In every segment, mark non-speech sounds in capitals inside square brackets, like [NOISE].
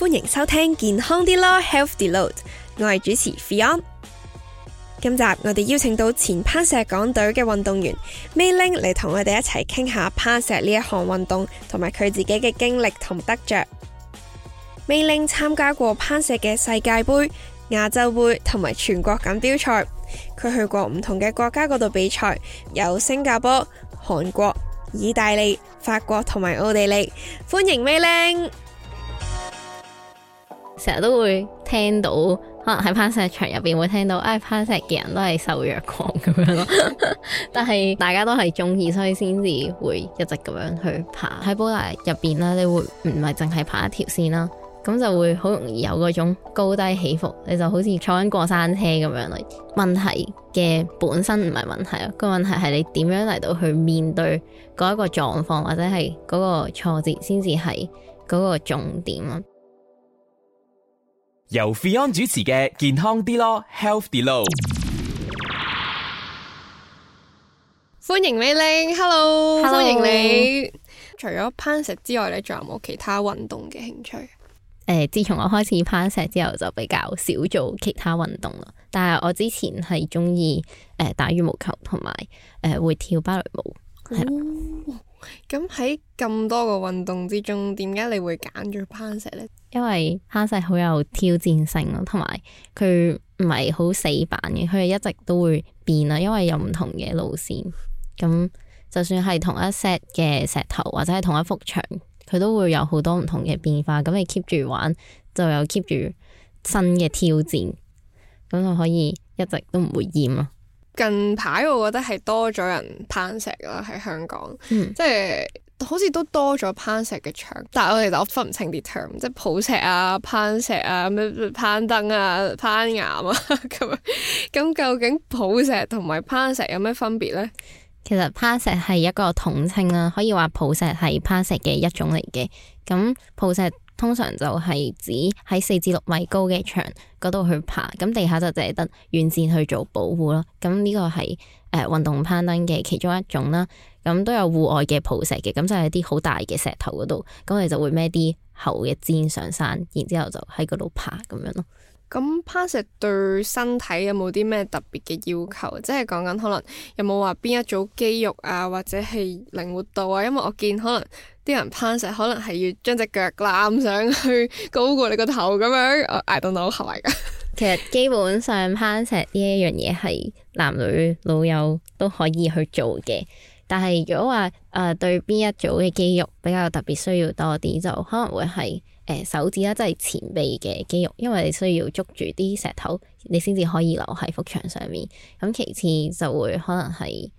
歡迎收聽健康啲咯，Health Deload。我係主持 Fion。今集我哋邀請到前攀石港隊嘅運動員 May Ling 嚟同我哋一齊傾下攀石呢一項運動，同埋佢自己嘅經歷同得着。May Ling 參加過攀石嘅世界杯、亞洲杯同埋全國錦標賽，佢去過唔同嘅國家度比賽，有新加坡、韓國、意大利、法國同埋奧地利。歡迎 May Ling。成日都會聽到，可能喺攀石場入邊會聽到，唉，攀石嘅人都係受虐狂咁樣咯。 [LAUGHS] [LAUGHS] 但係大家都係中意，所以先至會一直咁樣去爬。喺波大入邊啦，你會唔係淨係爬一條線啦，咁就會好容易有嗰種高低起伏。你就好似坐緊過山車咁樣嚟。問題嘅本身唔係問題咯，個問題係你點樣嚟到去面對嗰一個狀況或者係嗰個挫折，先至係嗰個重點啊。由 Fion 主持嘅健康啲咯，Healthy 啲咯，歡迎你。Hello 歡迎你。除咗攀石之外，咧仲有冇其他運動嘅興趣？誒、呃，自從我開始攀石之後，就比較少做其他運動啦。但係我之前係中意誒打羽毛球同埋誒會跳芭蕾舞。哦，咁喺咁多個運動之中，點解你會揀咗攀石咧？因為攀石好有挑戰性咯，同埋佢唔係好死板嘅，佢係一直都會變啦，因為有唔同嘅路線。咁就算係同一 set 嘅石頭或者係同一幅牆，佢都會有好多唔同嘅變化。咁你 keep 住玩，就有 keep 住新嘅挑戰，咁就可以一直都唔會厭咯。近排我覺得係多咗人攀石啦，喺香港，嗯，即係。好似都多咗攀石嘅牆，但係我哋就分唔清啲 term 即係抱石啊、攀石啊、咩攀登啊、攀岩啊咁咁 [LAUGHS] 究竟抱石同埋攀石有咩分別呢？其實攀石係一個統稱啦，可以話抱石係攀石嘅一種嚟嘅。咁抱石通常就係指喺四至六米高嘅牆嗰度去爬，咁地下就淨係得軟墊去做保護咯。咁呢個係。誒，運動攀登嘅其中一種啦，咁都有戶外嘅抱石嘅，咁就係啲好大嘅石頭嗰度，咁我哋就會孭啲厚嘅氈上山，然之後就喺嗰度爬咁樣咯。咁攀石對身體有冇啲咩特別嘅要求？即係講緊可能有冇話邊一組肌肉啊，或者係靈活度啊？因為我見可能啲人攀石可能係要將隻腳攬上去高過你個頭咁樣，I don't know 其實基本上攀石呢一樣嘢，係男女老幼都可以去做嘅，但係如果話誒、呃、對邊一組嘅肌肉比較特別需要多啲，就可能會係誒、呃、手指啦，即係前臂嘅肌肉，因為你需要捉住啲石頭，你先至可以留喺幅牆上面。咁其次就會可能係。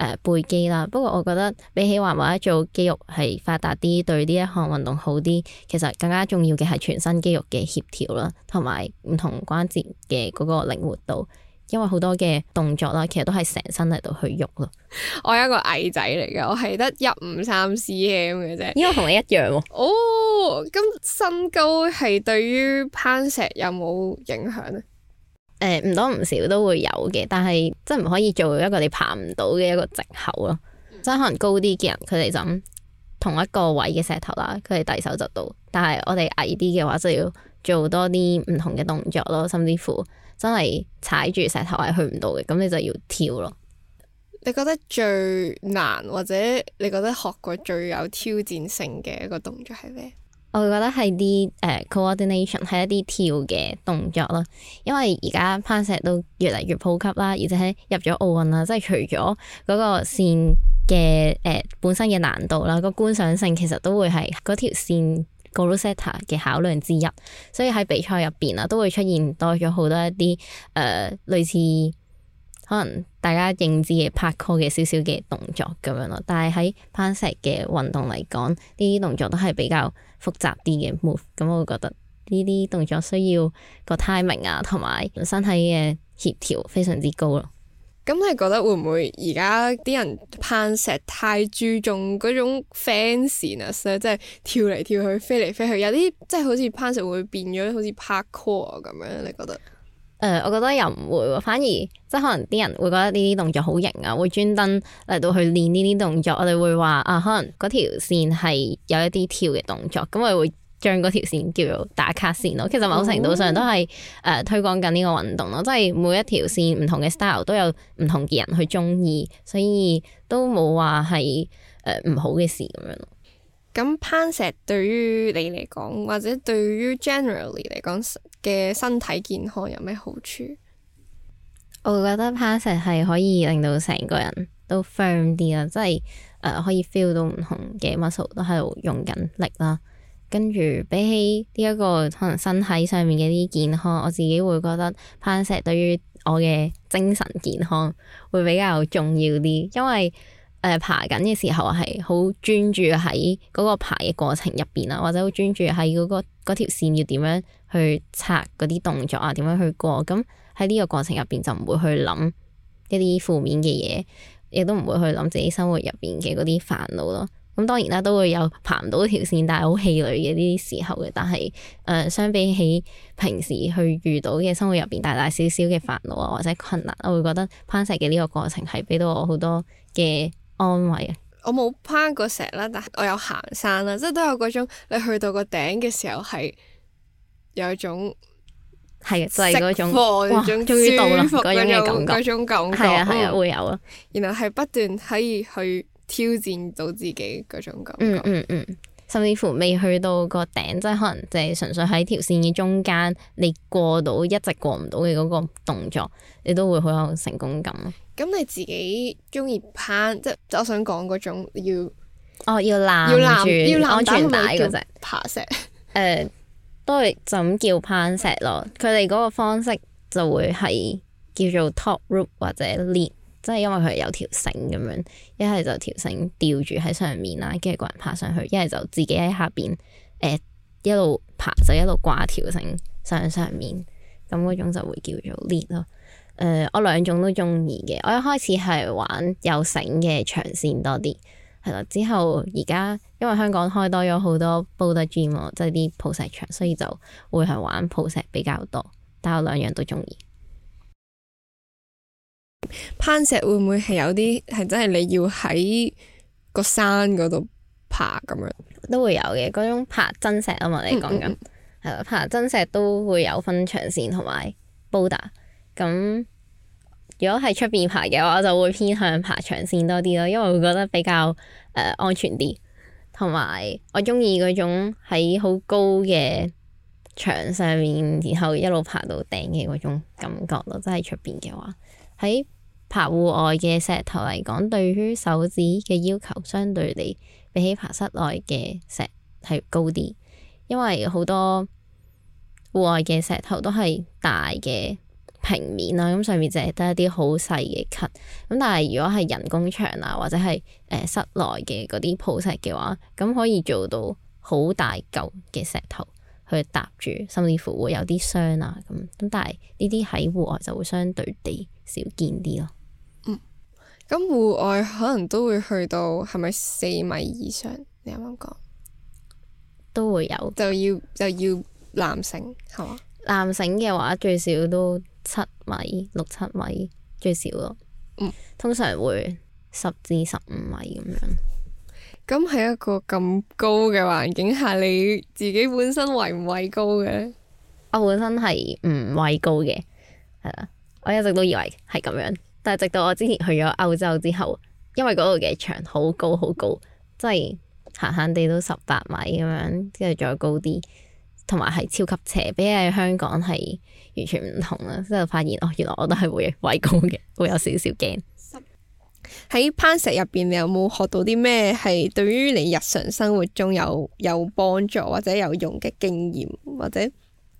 誒、呃、背肌啦，不過我覺得比起話某一組肌肉係發達啲，對呢一項運動好啲，其實更加重要嘅係全身肌肉嘅協調啦，同埋唔同關節嘅嗰個靈活度，因為好多嘅動作啦，其實都係成身嚟到去喐咯。我係一個矮仔嚟㗎，我係得一五三 cm 嘅啫。因為同你一樣喎、啊。哦，咁身高係對於攀石有冇影響啊？誒，唔多唔少都會有嘅，但係真係唔可以做一個你爬唔到嘅一個藉口咯。即係可能高啲嘅人，佢哋就同一個位嘅石頭啦，佢哋第一手就到。但係我哋矮啲嘅話，就要做多啲唔同嘅動作咯，甚至乎真係踩住石頭係去唔到嘅，咁你就要跳咯。你覺得最難或者你覺得學過最有挑戰性嘅一個動作係咩？我會覺得係啲誒 coordination 係一啲跳嘅動作咯，因為而家攀石都越嚟越普及啦，而且入咗奧運啦，即係除咗嗰個線嘅誒、呃、本身嘅難度啦，個觀賞性其實都會係嗰條線 goal setter 嘅考量之一，所以喺比賽入邊啊都會出現多咗好多一啲誒、呃、類似可能大家認知嘅 parkour 嘅少少嘅動作咁樣咯，但係喺攀石嘅運動嚟講，呢啲動作都係比較複雜啲嘅 move，咁我會覺得呢啲動作需要個 timing 啊，同埋身體嘅協調非常之高咯。咁你覺得會唔會而家啲人攀石太注重嗰種 fanciness 即係、就是、跳嚟跳去、飛嚟飛去，有啲即係好似攀石會變咗好似 parkour 啊咁樣？你覺得？誒、呃，我覺得又唔會喎，反而即係可能啲人會覺得呢啲動作好型啊，會專登嚟到去練呢啲動作。我哋會話啊、呃，可能嗰條線係有一啲跳嘅動作，咁我哋會將嗰條線叫做打卡線咯。其實某程度上都係誒、呃、推廣緊呢個運動咯，即係每一條線唔同嘅 style 都有唔同嘅人去中意，所以都冇話係誒唔好嘅事咁樣咯。咁攀石對於你嚟講，或者對於 generally 嚟講嘅身體健康有咩好處？我會覺得攀石係可以令到成個人都 firm 啲啦，即係誒、呃、可以 feel 到唔同嘅 muscle 都喺度用緊力啦。跟住比起呢、這、一個可能身體上面嘅啲健康，我自己會覺得攀石對於我嘅精神健康會比較重要啲，因為。爬緊嘅時候係好專注喺嗰個爬嘅過程入邊啦，或者好專注喺嗰、嗰個嗰條線要點樣去拆嗰啲動作啊，點樣去過，咁喺呢個過程入邊就唔會去諗一啲負面嘅嘢，亦都唔會去諗自己生活入邊嘅嗰啲煩惱咯。咁當然啦，都會有爬唔到條線但係好氣餒嘅呢啲時候嘅，但係誒、呃、相比起平時去遇到嘅生活入邊大大小小嘅煩惱啊或者困難，我會覺得攀石嘅呢個過程係俾到我好多嘅。安慰啊！Oh, 我冇攀過石啦，但係我有行山啦，即係都有嗰種你去到個頂嘅時候係有一種係就係、係啊、嗰種貨哇終於到啦嗰種嗰種感覺係啊係啊會有咯，然後係不斷可以去挑戰到自己嗰種感覺嗯嗯嗯，甚至乎未去到個頂，即係可能就係純粹喺條線嘅中間，你過到一直過唔到嘅嗰個動作，你都會好有成功感。咁你自己中意攀，即、就、係、是、我想講嗰種要哦要攬住安全帶嗰隻爬石，誒、 [LAUGHS] 呃、都係就咁叫攀石咯。佢哋嗰個方式就會係叫做 top rope 或者 lead，即係因為佢有條繩咁樣，一係就條繩吊住喺上面啦，跟住個人爬上去，一係就自己喺下邊誒、呃、一路爬就一路掛條繩上上面，咁嗰種就會叫做 lead 咯。誒、呃，我兩種都中意嘅。我一開始係玩有繩嘅長線多啲，係啦。之後而家因為香港開多咗好多 boulder gym，即係啲抱石場，所以就會係玩抱石比較多。但我兩樣都中意。攀石會唔會係有啲係真係你要喺個山嗰度爬咁樣？都會有嘅，嗰種爬真石啊嘛。你講緊係啦，爬真石都會有分長線同埋 boulder。咁如果係出邊爬嘅話，我就會偏向爬長線多啲咯，因為會覺得比較、呃、安全啲，同埋我中意嗰種喺好高嘅牆上面，然後一路爬到頂嘅嗰種感覺咯。即係出邊嘅話，喺爬戶外嘅石頭嚟講，對於手指嘅要求相對嚟比起爬室內嘅石係高啲，因為好多戶外嘅石頭都係大嘅。平面啦、啊，咁上面淨係得一啲好細嘅咳。咁但係如果係人工牆啊，或者係誒、呃、室內嘅嗰啲抱石嘅話，咁可以做到好大嚿嘅石頭去搭住，甚至乎會有啲箱啊咁，咁但係呢啲喺戶外就會相對地少見啲咯、啊。咁戶、嗯、外可能都會去到係咪四米以上？你啱啱講都會有，就要就要纜繩係嘛？纜繩嘅話最少都七米，六七米最少咯，嗯，通常會十至十五米咁樣。咁喺一個咁高嘅環境下，你自己本身畏唔畏高嘅？我本身係唔畏高嘅，係啦，我一直都以為係咁樣，但係直到我之前去咗歐洲之後，因為嗰度嘅牆好高好高，即係 [LAUGHS] 閒閒地都十八米咁樣，跟住再高啲。同埋係超級斜，比起香港係完全唔同啦。之後發現哦，原來我都係會畏高嘅，會有少少驚。喺攀石入邊，你有冇學到啲咩係對於你日常生活中有有幫助或者有用嘅經驗或者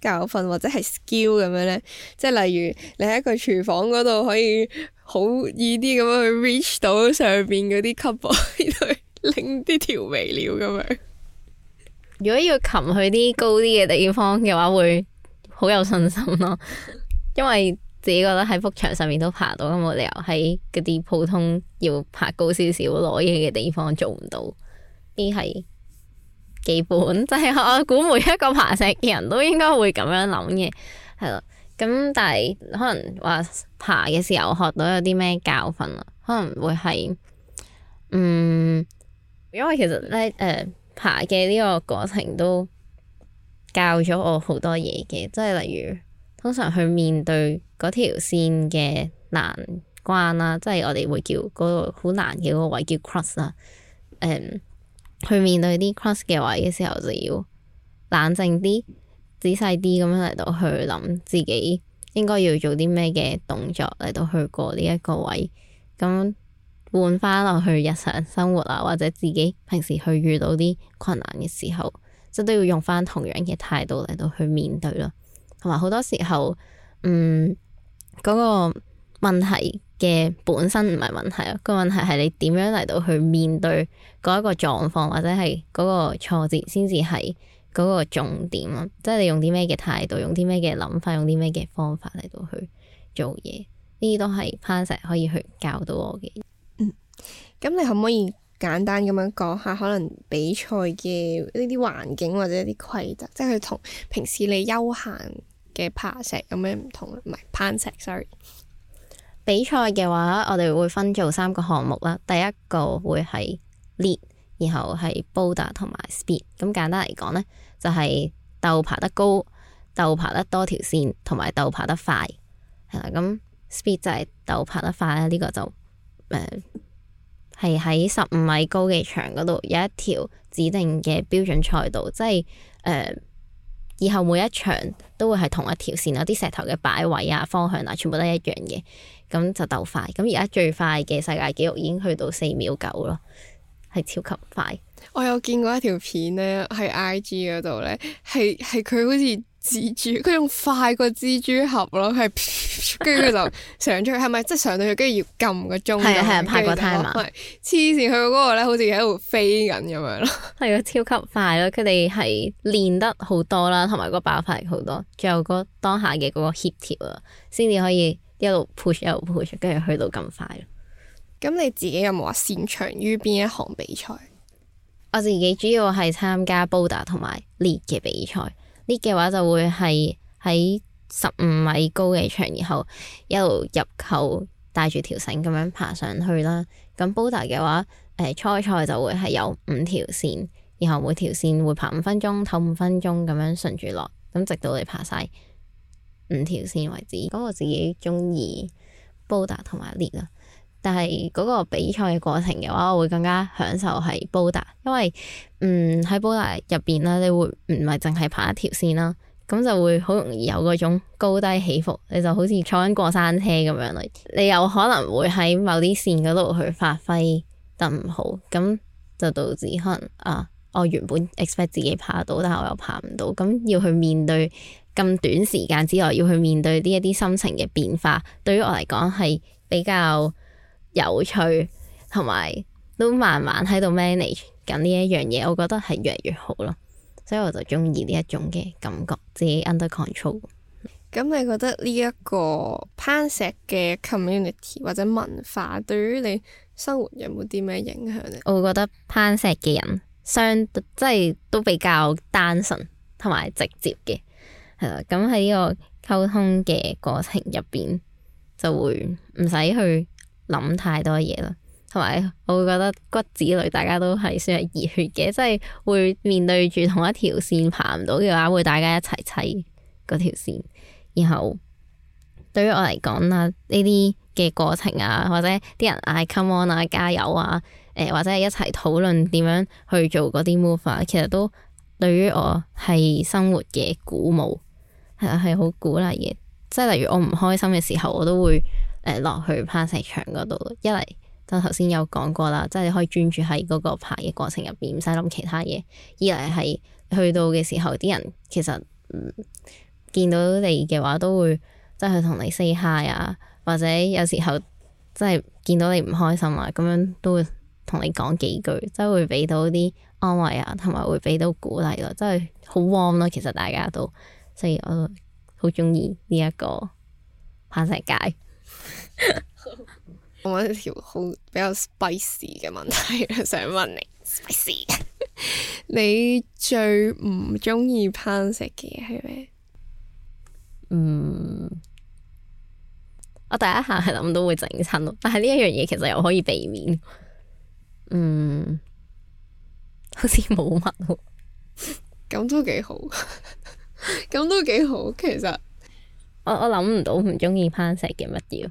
教訓或者係 skill 咁樣呢？即係例如你喺一個廚房嗰度可以好易啲咁樣去 reach 到上面嗰啲 cupboard 去拎啲調味料咁樣。如果要擒去啲高啲嘅地方嘅話，會好有信心咯， [LAUGHS] 因為自己覺得喺幅牆上面都爬到，咁冇理由喺嗰啲普通要爬高少少攞嘢嘅地方做唔到。啲係基本，即係我估每一個爬石嘅人都應該會咁樣諗嘅，係咯。咁但係可能話爬嘅時候學到有啲咩教訓啊？可能會係，嗯，因為其實咧，誒、呃。爬嘅呢個過程都教咗我好多嘢嘅，即係例如通常去面對嗰條線嘅難關啦，即係我哋會叫嗰個好難嘅個位叫 crux 啊、嗯。去面對啲 crux 嘅位嘅時候就要冷靜啲、仔細啲咁樣嚟到去諗自己應該要做啲咩嘅動作嚟到去過呢一個位，咁，換翻落去日常生活啊，或者自己平時去遇到啲困難嘅時候，即都要用翻同樣嘅態度嚟到去面對咯。同埋好多時候，嗯，嗰、嗰個問題嘅本身唔係問題啊，個問題係你點樣嚟到去面對嗰一個狀況，或者係嗰個挫折先至係嗰個重點啊。即係你用啲咩嘅態度，用啲咩嘅諗法，用啲咩嘅方法嚟到去做嘢，呢啲都係攀石可以去教到我嘅。咁你可唔可以簡單咁樣講下？可能比賽嘅呢啲環境或者一啲規則，即係同平時你休閒嘅爬石有咩唔同？唔係攀石，sorry。比賽嘅話，我哋會分做三個項目啦。第一個會係 lead，然後係 boulder 同埋 speed。咁簡單嚟講呢，就係、是、鬥爬得高、鬥爬得多條線，同埋鬥爬得快。係啦，咁 speed 就係鬥爬得快啦。呢、這個就誒。呃係喺十五米高嘅牆嗰度有一條指定嘅標準賽道，即係誒、呃，以後每一場都會係同一條線，有啲石頭嘅擺位啊、方向啊，全部都係一樣嘅，咁就鬥快。咁而家最快嘅世界紀錄已經去到四秒九咯，係超級快。我有見過一條片咧，喺 IG 嗰度咧，係係佢好似。蜘蛛佢仲快過蜘蛛俠咯，佢係，跟住佢就上咗去，係咪？ [LAUGHS] 即係上到去，跟住要撳個鐘，係啊係啊，拍 [MUSIC] 個太慢，黐線，去到嗰個咧，好似喺度飛緊咁樣咯。係啊，超級快咯，佢哋係練得好多啦，同埋個爆發力好多，仲有嗰當下嘅嗰個協調啊，先至可以一路 push 一路 push，跟住去到咁快。咁你自己有冇話擅長於邊一行比賽？我自己主要係參加 boulder 同埋 lead 嘅比賽。lead 嘅話就會係喺十五米高嘅牆，然後一路入扣帶住條繩咁樣爬上去啦。咁 boulder 嘅話，誒初賽就會係有五條線，然後每條線會爬五分鐘、唞五分鐘咁樣順住落，咁直到你爬晒五條線為止。咁我自己中意 boulder 同埋 lead 啦。但係嗰個比賽嘅過程嘅話，我會更加享受係布達，因為嗯喺布達入邊啦，你會唔係淨係爬一條線啦，咁就會好容易有嗰種高低起伏，你就好似坐緊過山車咁樣啦。你有可能會喺某啲線嗰度去發揮得唔好，咁就導致可能啊，我原本 expect 自己爬到，但係我又爬唔到，咁要去面對咁短時間之內要去面對呢一啲心情嘅變化，對於我嚟講係比較。有趣，同埋都慢慢喺度 manage 緊呢一樣嘢，我覺得係越嚟越好咯。所以我就中意呢一種嘅感覺，自己 under control。咁你覺得呢一個攀石嘅 community 或者文化，對於你生活有冇啲咩影響呢？我覺得攀石嘅人相即係都比較單純同埋直接嘅，係啦。咁喺呢個溝通嘅過程入邊，就會唔使去。諗太多嘢啦，同埋我會覺得骨子裏大家都係算係熱血嘅，即係會面對住同一條線爬唔到嘅話，會大家一齊砌嗰條線。然後對於我嚟講啊，呢啲嘅過程啊，或者啲人嗌 come on 啊、加油啊，誒、呃、或者係一齊討論點樣去做嗰啲 move 啊，其實都對於我係生活嘅鼓舞，係係好鼓勵嘅。即係例如我唔開心嘅時候，我都會。落去攀石場嗰度，一嚟就係頭先有講過啦，即係你可以專注喺嗰個爬嘅過程入邊，唔使諗其他嘢。二嚟係去到嘅時候，啲人其實、嗯、見到你嘅話，都會即係同你 say hi 啊，或者有時候即係見到你唔開心啊，咁樣都會同你講幾句，即係會畀到啲安慰啊，同埋會俾到鼓勵咯、啊，即係好 warm 咯。其實大家都，所以我都好中意呢一個攀石界。 [LAUGHS] 我有一條好比較 spicy 嘅問題，想問你：spicy， [LAUGHS] 你最唔中意攀石嘅係咩？嗯，我第一下係諗到會整親咯，但係呢一樣嘢其實又可以避免。嗯，好似冇乜，咁都幾好，咁都幾好。其實我我諗唔到唔中意攀石嘅乜嘢。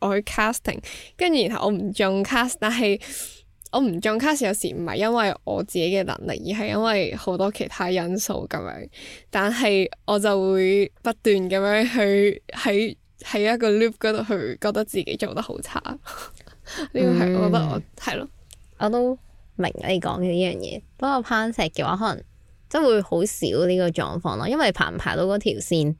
我去 casting，跟住然後我唔中 cast，但係我唔中 cast 有時唔係因為我自己嘅能力，而係因為好多其他因素咁樣。但係我就會不斷咁樣去喺喺一個 loop 嗰度去覺得自己做得好差。呢 [LAUGHS] 個係我覺得我係咯，嗯、我，我都明你講嘅呢樣嘢。不過攀石嘅話，可能真係會好少呢個狀況咯，因為爬唔爬到嗰條線。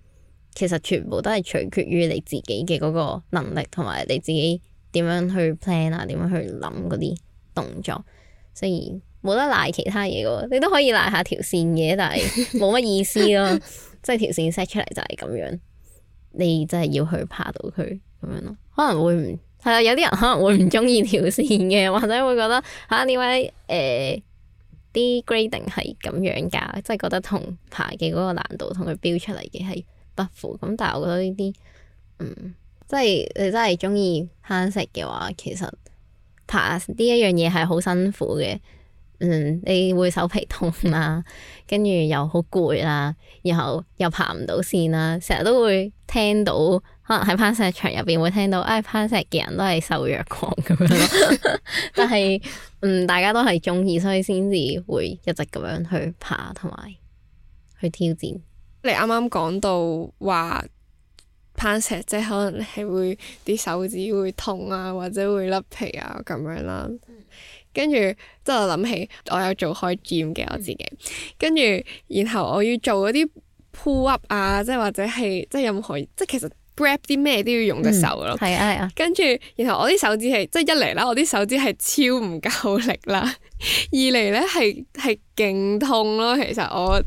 其實全部都係取決於你自己嘅嗰個能力，同埋你自己點樣去 plan 啊，點樣去諗嗰啲動作。所以冇得賴其他嘢嘅，你都可以賴下條線嘅，但係冇乜意思咯。 [LAUGHS] 即係條線 set 出嚟就係咁樣，你真係要去爬到佢咁樣咯。可能會唔係啊，有啲人可能會唔中意條線嘅，或者會覺得吓點解誒啲、呃、grading 係咁樣噶？即係覺得同爬嘅嗰個難度同佢標出嚟嘅係。咁，但係我覺得呢啲，嗯，即係你真係中意攀石嘅話，其實爬呢一樣嘢係好辛苦嘅。嗯，你會手皮痛啦，啊，跟住又好攰啦，然後又爬唔到線啦，啊，成日都會聽到，可能喺攀石場入邊會聽到，唉、哎，攀石嘅人都係受虐狂咁樣咯。 [LAUGHS] [LAUGHS] 但係，嗯，大家都係中意，所以先至會一直咁樣去爬同埋去挑戰。你啱啱講到話攀石，即係可能係會啲手指會痛啊，或者會甩皮啊咁樣啦。跟住即係我諗起，我有做開 gym 嘅我自己，嗯。跟住然後我要做嗰啲 pull up 啊，即係或者係即係任何即係其實 grab 啲咩都要用隻手咯。係啊係啊。啊跟住然後我啲手指係即係一嚟啦，我啲手指係超唔夠力啦。二嚟咧係係勁痛咯，其實我。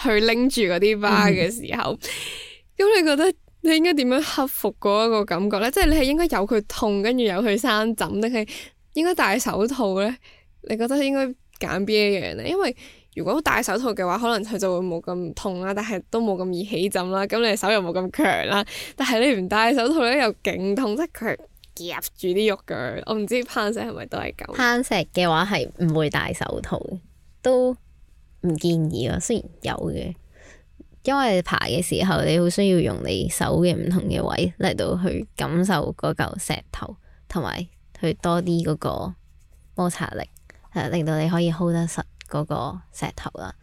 去拎住嗰啲疤嘅時候，咁 [LAUGHS] 你覺得你應該點樣克服嗰一個感覺咧？即係你係應該有佢痛，跟住有佢生枕，定係應該戴手套咧？你覺得你應該揀邊一樣咧？因為如果戴手套嘅話，可能佢就會冇咁痛啦，但係都冇咁易起枕啦。咁你手又冇咁強啦。但係你唔戴手套咧，又勁痛，即係佢夾住啲肉嘅。我唔知攀石係咪都係咁。攀石嘅話係唔會戴手套都。唔建議咯，雖然有嘅，因為你爬嘅時候你好需要用你手嘅唔同嘅位嚟到去感受嗰嚿石頭，同埋去多啲嗰個摩擦力，係、啊、令到你可以 hold 得實嗰個石頭啦、啊。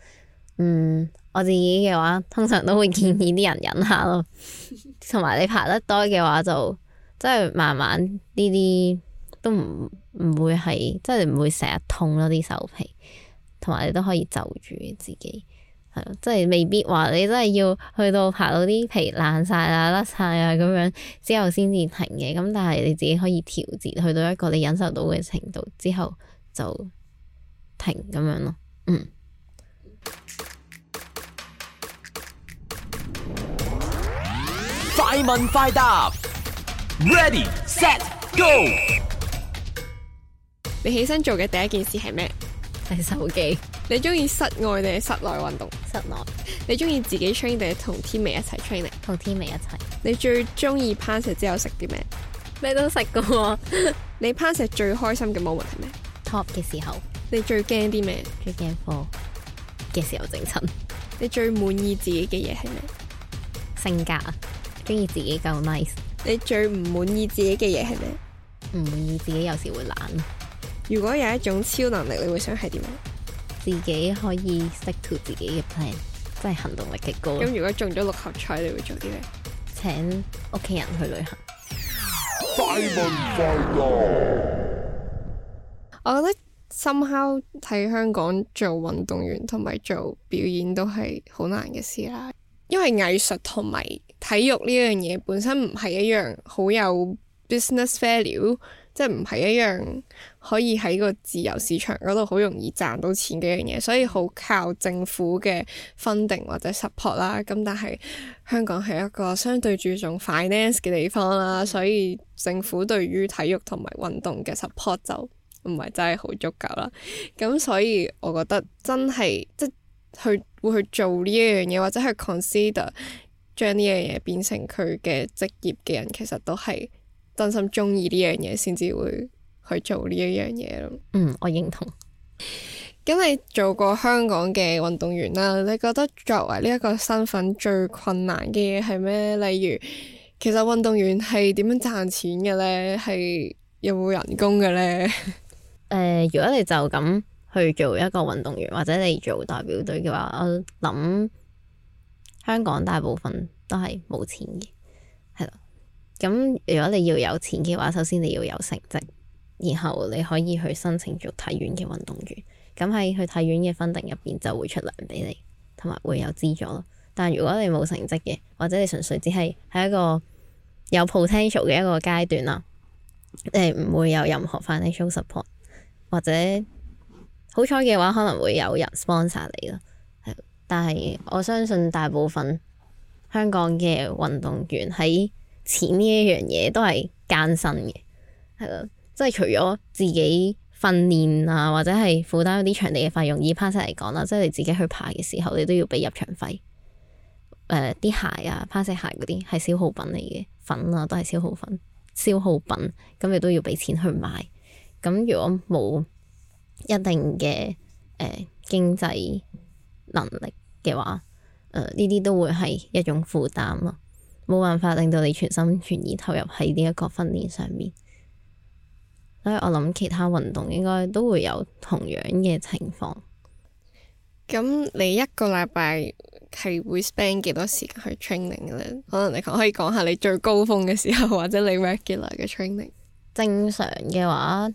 嗯，我自己嘅話，通常都會建議啲人忍下咯，同埋 [LAUGHS] 你爬得多嘅話就，就即、是、係慢慢呢啲都唔唔會係，即係唔會成日痛咯啲手皮。同埋你都可以就住自己，係、喔、咯，即係未必話你真係要去到拍到啲皮爛晒啦、甩晒啊咁樣之後先至停嘅，咁、嗯、但係你自己可以調節，去到一個你忍受到嘅程度之後就停咁樣咯。嗯，快問快答，Ready, set, go！你起身做嘅第一件事係咩？睇手機，你中意室外定係室內運動？室內。你中意自己 training 定係同 teammate 一齊 training？同 teammate 一齊。你最中意攀石之後食啲咩？咩都食噶。 [LAUGHS] 你攀石最開心嘅 moment 係咩？Top 嘅時候。你最驚啲咩？最驚 fall 嘅時候整親。你最滿意自己嘅嘢係咩？性格，中意自己夠 nice。你最唔滿意自己嘅嘢係咩？唔滿意自己有時會懶。如果有一種超能力，你會想係點？自己可以 stick to 自己嘅 plan，即係行動力極高。咁如果中咗六合彩，你會做啲咩？請屋企人去旅行。快問快答。我覺得深刻喺香港做運動員同埋做表演都係好難嘅事啦，因為藝術同埋體育呢樣嘢本身唔係一樣好有 business value 即係唔係一樣可以喺個自由市場嗰度好容易賺到錢嘅一樣嘢，所以好靠政府嘅 funding 或者 support 啦。咁但係香港係一個相對注重 finance 嘅地方啦，所以政府對於體育同埋運動嘅 support 就唔係真係好足夠啦。咁所以我覺得真係即係去會去做呢一樣嘢，或者係 consider 將呢樣嘢變成佢嘅職業嘅人，其實都係。真心中意呢樣嘢，先至會去做呢一樣嘢咯。嗯，我認同。咁你做過香港嘅運動員啦，你覺得作為呢一個身份最困難嘅嘢係咩？例如，其實運動員係點樣賺錢嘅咧？係有冇人工嘅咧？誒、呃，如果你就咁去做一個運動員，或者你做代表隊嘅話，我諗香港大部分都係冇錢嘅。咁如果你要有錢嘅話，首先你要有成績，然後你可以去申請做體院嘅運動員。咁喺去體院嘅分定入面就會出糧俾你，同埋會有資助咯。但如果你冇成績嘅，或者你純粹只係喺一個有 potential 嘅一個階段啦，你唔會有任何 financial support，或者好彩嘅話可能會有人 sponsor 你咯。但係我相信大部分香港嘅運動員喺錢呢一樣嘢都係艱辛嘅，係咯，即係除咗自己訓練啊，或者係負擔啲場地嘅費用。以攀石嚟講啦，即係你自己去爬嘅時候，你都要俾入場費。誒、呃，啲鞋啊，攀石鞋嗰啲係消耗品嚟嘅，粉啊都係消耗粉，消耗品，咁你都要俾錢去買。咁如果冇一定嘅誒、呃、經濟能力嘅話，誒呢啲都會係一種負擔咯。冇辦法令到你全心全意投入喺呢一個訓練上面，所以我諗其他運動應該都會有同樣嘅情況。咁你一個禮拜係會 spend 幾多時間去 training 嘅咧？可能你可以講下你最高峰嘅時候，或者你 regular 嘅 training。正常嘅話，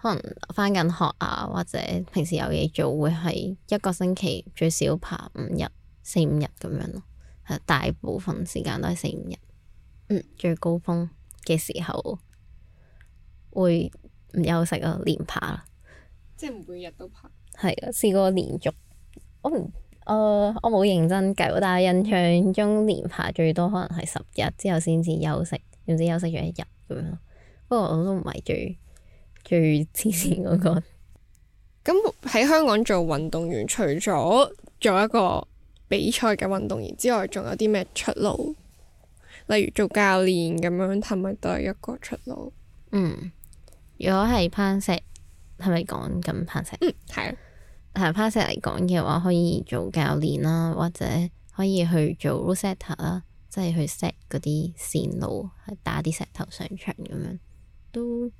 可能返緊學啊，或者平時有嘢做，會係一個星期最少爬五日、四五日咁樣咯。大部分時間都係四五日，嗯，最高峰嘅時候會唔休息啊，連爬，即係每日都爬。係啊，試過連續，我、哦、唔，誒、呃，我冇認真計，但係印象中連爬最多可能係十日之後先至休息，甚至休息咗一日咁樣。不過我都唔係最最黐線嗰個。咁喺香港做運動員，除咗做一個。比賽嘅運動員之外，仲有啲咩出路？例如做教練咁樣，係咪都係一個出路？嗯，如果係攀石，係咪講緊攀石？嗯，係啊。係攀石嚟講嘅話，可以做教練啦，或者可以去做 routesetter 啦，即係去 set 嗰啲線路，係打啲石頭上場咁樣，都、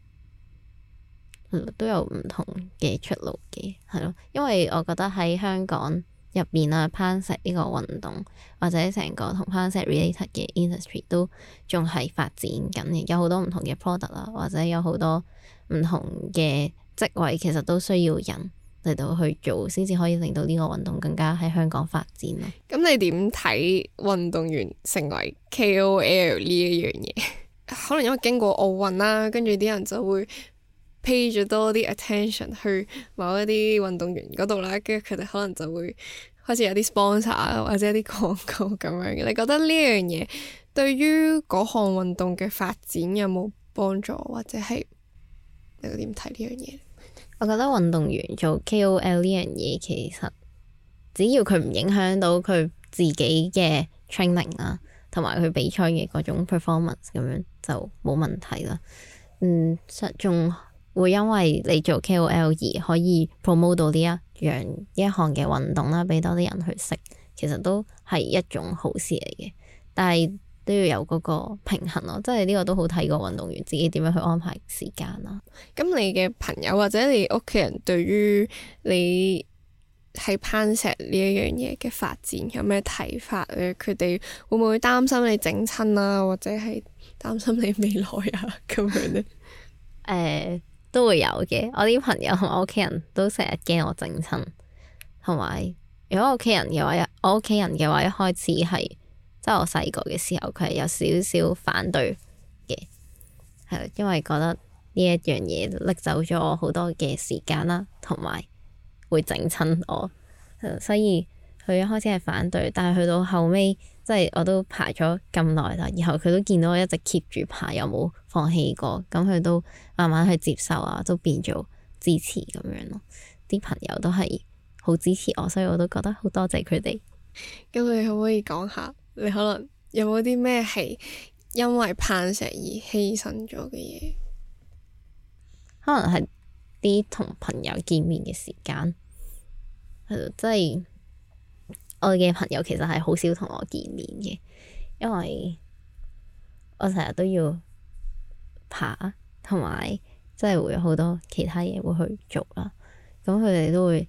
嗯、都有唔同嘅出路嘅，係咯、啊。因為我覺得喺香港。入邊啊，攀石呢個運動或者成個同攀石 related 嘅 industry 都仲係發展緊嘅，有好多唔同嘅 product 啦，或者有好多唔同嘅職位，其實都需要人嚟到去做，先至可以令到呢個運動更加喺香港發展咯。咁你點睇運動員成為 KOL 呢一樣嘢？ [LAUGHS] 可能因為經過奧運啦，跟住啲人就會，Pay 咗多啲 attention 去某一啲運動員嗰度啦，跟住佢哋可能就會開始有啲 sponsor 或者啲廣告咁樣嘅。你覺得呢樣嘢對於嗰項運動嘅發展有冇幫助，或者係你點睇呢樣嘢？我覺得運動員做 KOL 呢樣嘢，其實只要佢唔影響到佢自己嘅 training 啦、啊，同埋佢比賽嘅嗰種 performance 咁樣就冇問題啦。嗯，實中。會因為你做 KOL 而可以 promote 到呢一樣一項嘅運動啦，畀多啲人去識，其實都係一種好事嚟嘅。但係都要有嗰個平衡咯，即係呢個都好睇個運動員自己點樣去安排時間啦。咁你嘅朋友或者你屋企人對於你喺攀石呢一樣嘢嘅發展有咩睇法咧？佢哋會唔會擔心你整親啊，或者係擔心你未來啊咁樣咧？誒。 [LAUGHS] 呃都會有嘅。我啲朋友同埋屋企人都成日驚我整親，同埋如果屋企人嘅話，我屋企人嘅話一開始係即係我細個嘅時候，佢係有少少反對嘅，係因為覺得呢一樣嘢拎走咗我好多嘅時間啦，同埋會整親我，所以佢一開始係反對，但係去到後尾。即係我都排咗咁耐啦，然後佢都見到我一直 keep 住排，又冇放棄過，咁佢都慢慢去接受啊，都變咗支持咁樣咯。啲朋友都係好支持我，所以我都覺得好多謝佢哋。咁、嗯、你可唔可以講下，你可能有冇啲咩係因為攀石而犧牲咗嘅嘢，可能係啲同朋友見面嘅時間，係咯，即係。就是我嘅朋友其實係好少同我見面嘅，因為我成日都要爬，同埋真係會有好多其他嘢會去做啦。咁佢哋都會，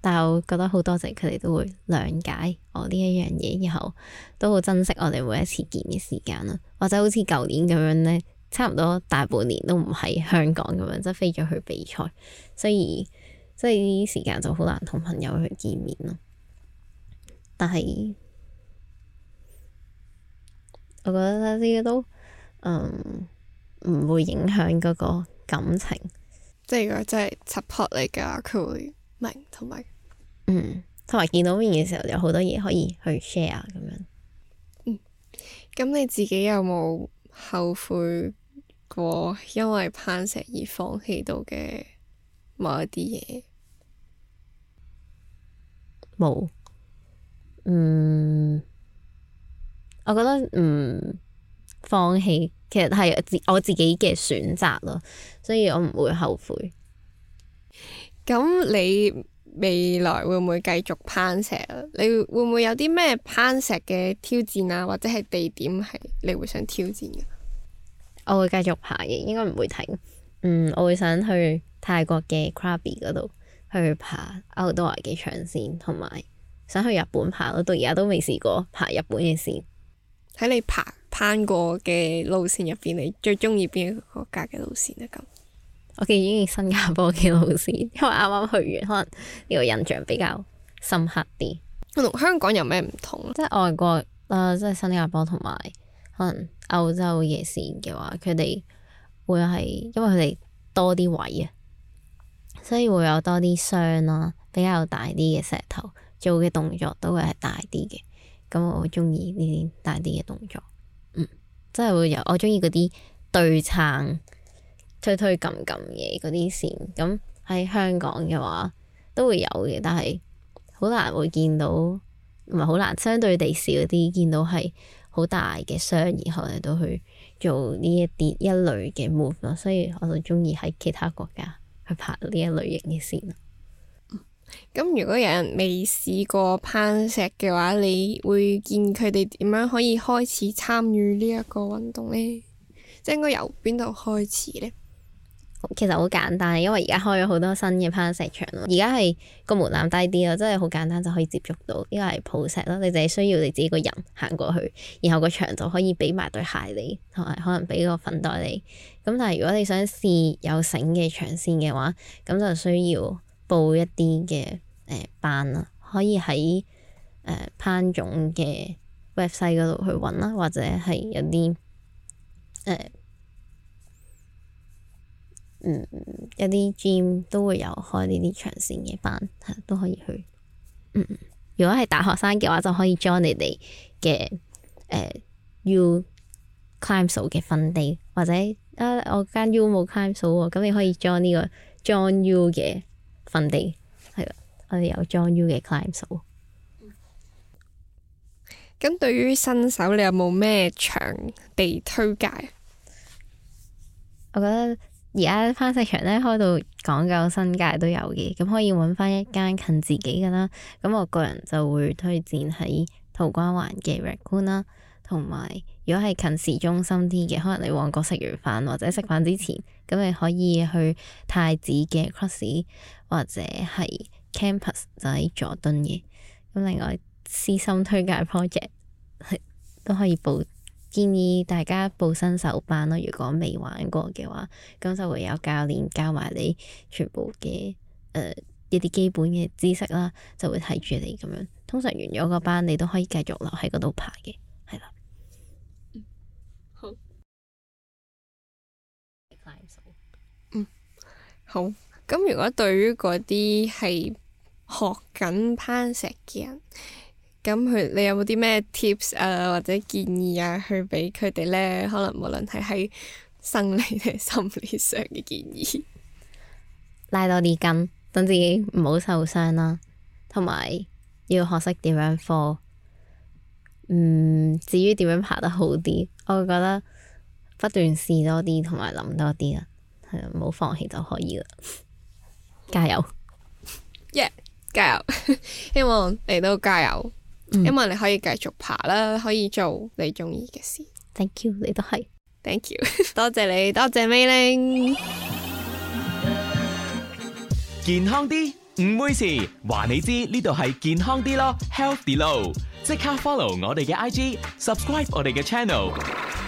但係我覺得好多謝佢哋都會諒解我呢一樣嘢，然後都好珍惜我哋每一次見嘅時間咯。或者好似舊年咁樣咧，差唔多大半年都唔喺香港咁樣，即係飛咗去比賽，所以即係呢啲時間就好難同朋友去見面咯。但係，我覺得呢啲都，嗯，唔會影響嗰個感情。即係如果真係 support 你㗎，佢會明同埋，嗯，同埋見到面嘅時候，有好多嘢，可以去 share 咁樣。嗯，咁你自己有冇後悔過因為攀石而放棄到嘅某一啲嘢？冇、嗯。嗯，我覺得，嗯，放棄其實係自我自己嘅選擇咯，所以我唔會後悔。咁你未來會唔會繼續攀石啊？你會唔會有啲咩攀石嘅挑戰啊？或者係地點係你會想挑戰嘅？我會繼續爬嘅，應該唔會停。嗯，我會想去泰國嘅 Krabi 嗰度去爬歐多華嘅長線，同埋。想去日本爬嗰到，而家都未試過爬日本嘅線。喺你爬攀過嘅路線入邊，你最中意邊個國家嘅路線啊？咁我嘅已經係新加坡嘅路線，因為啱啱去完，可能呢個印象比較深刻啲。同香港有咩唔同？即係外國啦、呃，即係新加坡同埋可能歐洲嘅線嘅話，佢哋會係因為佢哋多啲位啊，所以會有多啲箱啦，比較大啲嘅石頭。做嘅動作都會係大啲嘅，咁我鍾意呢啲大啲嘅動作，嗯，真係會有我鍾意嗰啲對撐、推推、撳撳嘢嗰啲線，咁喺香港嘅話都會有嘅，但係好難會見到，唔係好難，相對地少啲見到係好大嘅雙，然後嚟都去做呢一啲一類嘅 move 咯，所以我就鍾意喺其他國家去拍呢一類型嘅線。咁如果有人未試過攀石嘅話，你會見佢哋點樣可以開始參與呢一個運動呢？即係應該由邊度開始呢？其實好簡單，因為而家開咗好多新嘅攀石場咯。而家係個門檻低啲咯，即係好簡單就可以接觸到。呢個係抱石咯，你就係需要你自己個人行過去，然後個場就可以俾埋對鞋你，同埋可能俾個粉袋你。咁但係如果你想試有繩嘅長線嘅話，咁就需要。報一啲嘅誒班啦、啊，可以喺誒攀總嘅 website 嗰度去揾啦、啊，或者係有啲誒、欸、嗯有啲 gym 都會有開呢啲長線嘅班，啊，都可以去。嗯，如果係大學生嘅話，就可以 join 你哋嘅誒 U climb 數嘅粉地，或者啊，我間 U 冇 climb 數喎，咁你可以 join 呢、呢個 join U 嘅。瞓地係啦，我哋有 join you 嘅 climb 數。咁對於新手，你有冇咩場地推介？我覺得而家攀石場咧，開到港九新界都有嘅，咁可以揾翻一間近自己噶啦。咁我個人就會推薦喺土瓜灣嘅 Redcon 啦，同埋如果係近市中心啲嘅，可能你旺角食完飯或者食飯之前。咁你可以去太子嘅 Cross 或者係 Campus 就喺佐敦嘅。咁另外私心推介 project 係都可以報，建議大家報新手班咯。如果未玩過嘅話，咁就會有教練教埋你全部嘅誒、呃、一啲基本嘅知識啦，就會睇住你咁樣。通常完咗個班，你都可以繼續留喺嗰度爬嘅。好，咁如果對於嗰啲係學緊攀石嘅人，咁佢你有冇啲咩 tips 誒、啊、或者建議啊，去俾佢哋咧？可能無論係喺生理定係心理上嘅建議，拉多啲筋，等自己唔好受傷啦。同埋要學識點樣課。嗯，至於點樣爬得好啲，我會覺得不斷試多啲，同埋諗多啲啦。係啊，冇放棄就可以啦，加油！耶，加油！希望你都加油，希望你可以繼續爬啦，可以做你中意嘅事。Thank you，你都係。Thank you，多謝你，多謝 May Ling。健康啲唔會事，話你知呢度係健康啲咯。Health below，即刻 follow 我哋嘅 IG，subscribe 我哋嘅 channel。